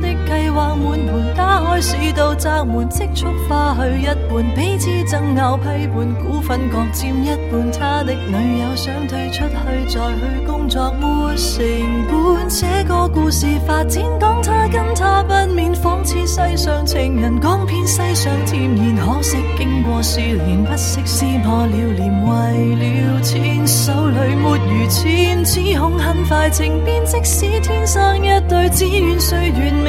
的計劃滿盤，打開市道閘門，積蓄花去一半，彼此爭拗批判，股份各佔一半。他的女友想退出去，再去工作沒成本。這個故事發展講他跟他不免，仿似世上情人講遍，世上甜言可惜，經過四年不惜撕破了臉，為了錢手裏沒餘錢，只恐很快情變。即使天生一對，只怨歲月。